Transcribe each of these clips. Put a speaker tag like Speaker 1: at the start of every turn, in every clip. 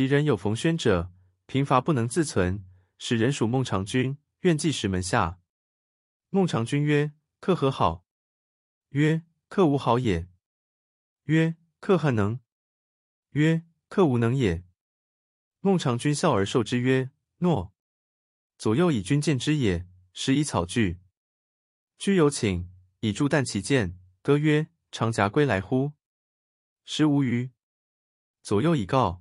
Speaker 1: 齊人有馮諼者，貧乏不能自存，使人屬孟嘗君，願寄食門下。孟嘗君曰：“客何好？”曰：“客無好也。”曰：“客何能？”曰：“客無能也。”孟嘗君笑而受之曰：“諾。”左右以君賤之也，食以草具。居有頃，倚柱彈其劍，歌曰：“長鋏歸來乎！食無魚。”左右以告。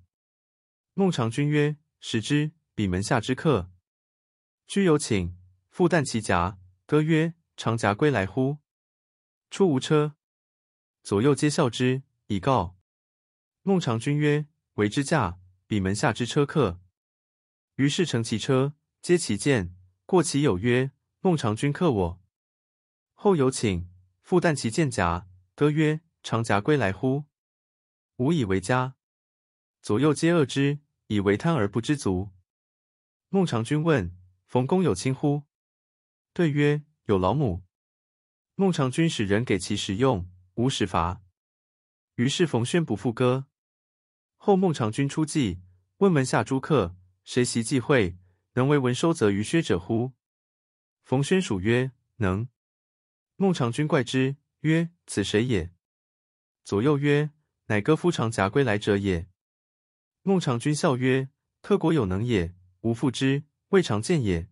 Speaker 1: 孟嘗君曰：“食之，比門下之客，居有頃，復彈其鋏，歌曰：‘長鋏歸來乎？’出無車，左右皆笑之。以告孟嘗君曰：‘為之駕，比門下之車客。’於是乘其車，揭其劍。過其友曰：‘孟嘗君客我。’後有頃，復彈其劍鋏，歌曰：‘長鋏歸來乎？’無以為家，左右皆惡之。”以為貪而不知足。孟嘗君問，馮公有親乎？對曰：有老母。孟嘗君使人給其食用，無使乏。於是馮諼不復歌。後孟嘗君出記，問門下諸客：誰習計會，能為文收責於薛者乎？馮諼署曰：能。孟嘗君怪之，曰：此誰也？左右曰：乃歌夫長鋏歸來者也。孟嘗君笑曰：“客果有能也，吾負之，未嘗見也。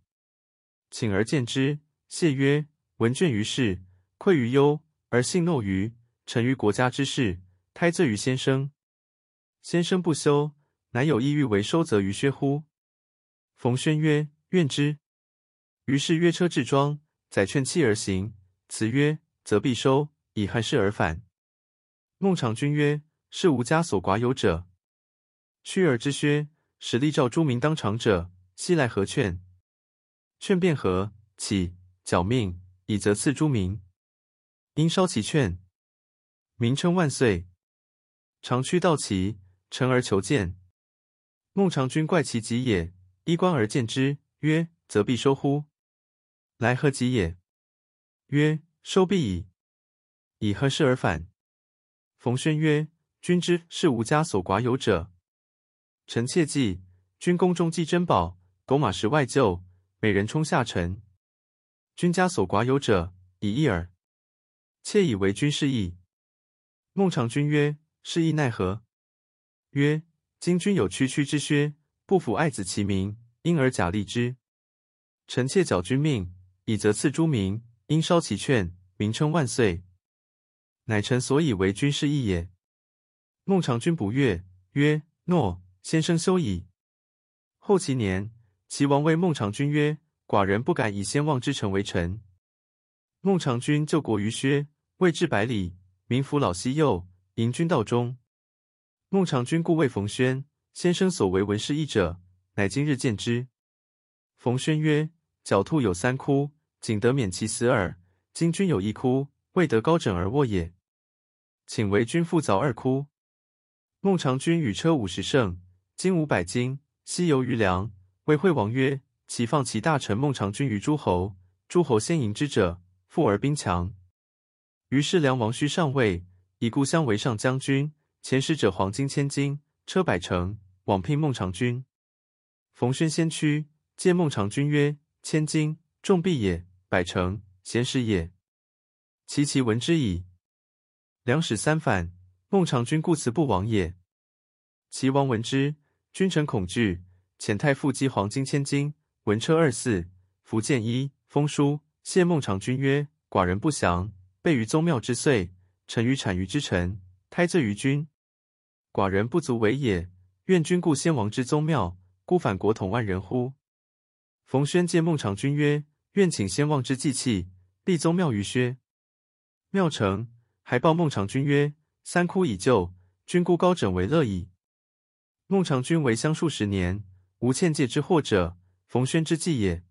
Speaker 1: 請而見之。”謝曰：“文倦於事，憒於憂，而性懧愚，沉於國家之事，開罪於先生。先生不羞，乃有意欲為收責於薛乎？”馮谖曰：“願之。”於是約車治裝，載券契而行。辭曰：“責畢收，以何市而反。孟嘗君曰：“視吾家所寡有者。”驅而之薛，使吏召諸民當償者，悉來合券。券遍合，起，矯命，以責賜諸民。因燒其券，民稱萬歲。長驅到齊，晨而求見，孟嘗君怪其疾也，衣冠而見之，曰：責畢收乎？來何疾也？曰：收畢矣。以何市而反？馮諼曰：君之視吾家所寡有者。臣竊計，君宮中積珍寶，狗馬實外廄，美人充下陳。君家所寡有者，以義耳。竊以為君市義。孟嘗君曰：“市義奈何？”曰：“今君有區區之薛，不拊愛子其民，因而賈利之。臣竊矯君命，以責賜諸民，因燒其券，民稱萬歲，乃臣所以為君市義也。”孟嘗君不悅，曰：“諾。”先生休矣。後期年，齊王謂孟嘗君曰：“寡人不敢以先王之臣為臣。”孟嘗君就國於薛，未至百里，民扶老攜幼，迎君道中。孟嘗君顧謂馮諼：“先生所為文市義者，乃今日見之。”馮諼曰：“狡兔有三窟，僅得免其死耳。今君有一窟，未得高枕而臥也。請為君復鑿二窟。”孟嘗君予車五十乘。今金五百斤，西遊於樑。謂惠王曰：“齊放其大臣孟嘗君於諸侯，諸侯先迎之者，富而兵強。”於是樑王虛上位，以故相為上將軍。遣使者黃金千斤，車百乘，往聘孟嘗君。馮諼先驅，誡孟嘗君曰：“千金，重幣也；百乘，顯使也。齊其聞之矣。”樑使三反，孟嘗君固辭不往也。齊王聞之。君臣恐懼，遣太傅齎黃金千斤，文車二駟，服劍一，封書。謝孟嘗君曰：“寡人不祥，被於宗廟之祟，沉於諂諛之臣，開罪於君，寡人不足爲也。願君顧先王之宗廟，姑反國統萬人乎？”馮諼誡孟嘗君曰：“願請先王之祭器，立宗廟於薛。”廟成，還報孟嘗君曰：“三窟已就，君姑高枕爲樂矣。”孟嘗君為相數十年，無纖介之禍者，馮諼之計也。